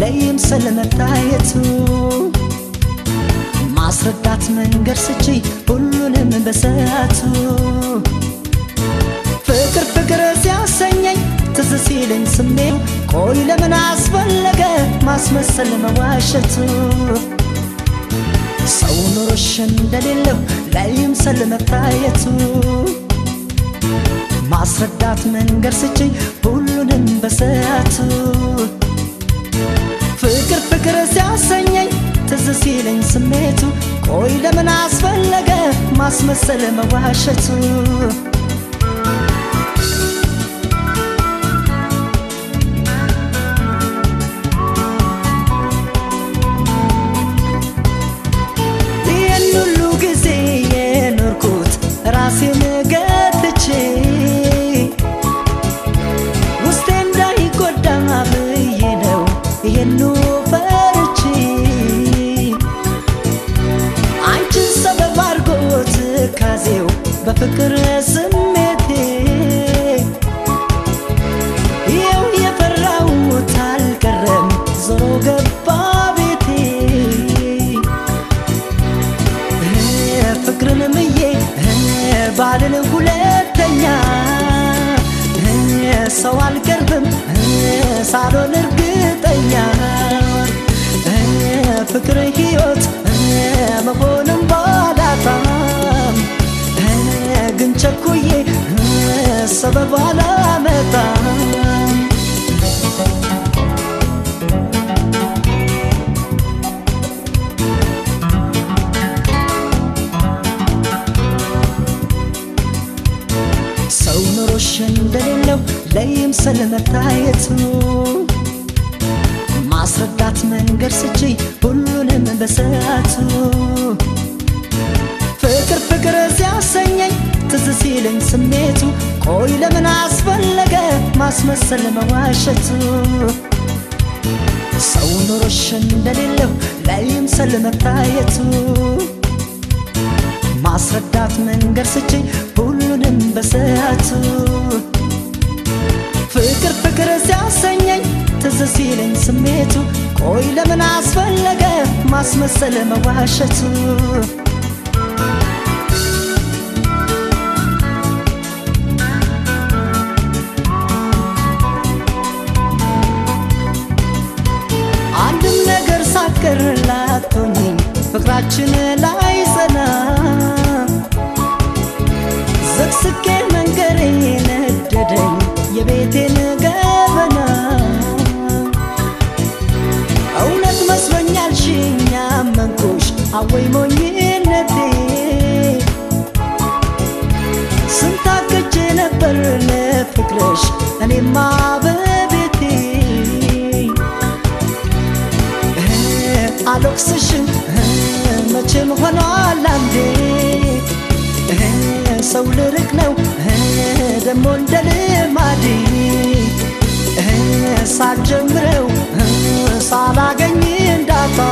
ለይም ስለመታየቱ ማስረዳት መንገድ ስቺ ሁሉንም በሰቱ ፍቅር ፍቅር ሲያሰኘኝ ትዝ ሲልኝ ስሜ ቆይ ለምን አስፈለገ ማስመሰል መዋሸቱ ሰው ኑሮሽ እንደሌለው ላይም ስለመታየቱ ማስረዳት መንገድ ስቺ ሁሉንም በሰቱ ። ፍቅር ፍቅር ሲያሰኘኝ ትዝ ሲለኝ ስሜቱ ቆይ ለምን አስፈለገ ማስመሰል መዋሸቱ በፍቅር ስሜቴ ይኸው የፈራሁት አልቀረም ዞሮ ገባ ቤቴ ፍቅርን ምዬ ባልን ሁለተኛ ሰው አልቀርብም ሳሎን እርግጠኛ ፍቅር ህይወት መሆን ቸኩዬ ሰበብ አላመጣ ሰው ኑሮሽ እንደሌለው ለይምሰል ስለመታየት ማስረዳት መንገድ ስችይ ሁሉንም በሰዓቱ ሲለኝ ስሜቱ ቆይ ለምን አስፈለገ ማስመሰል መዋሸቱ? ሰው ኑሮሽ እንደሌለው ላይምሰል መታየቱ ማስረዳት መንገድ ስቼ ሁሉንም በሰዓቱ ፍቅር ፍቅር ሲያሰኘኝ ትዝ ሲለኝ ስሜቱ ቆይ ለምን አስፈለገ ማስመሰል መዋሸቱ? ከፍቶኝ ፍቅራችን አልወቅስሽም መቼም ሆኗል አንዴ ሰው ልርቅ ነው ደሞ እንደ ልማዴ ሳልጀምረው ሳላገኝ እንዳታ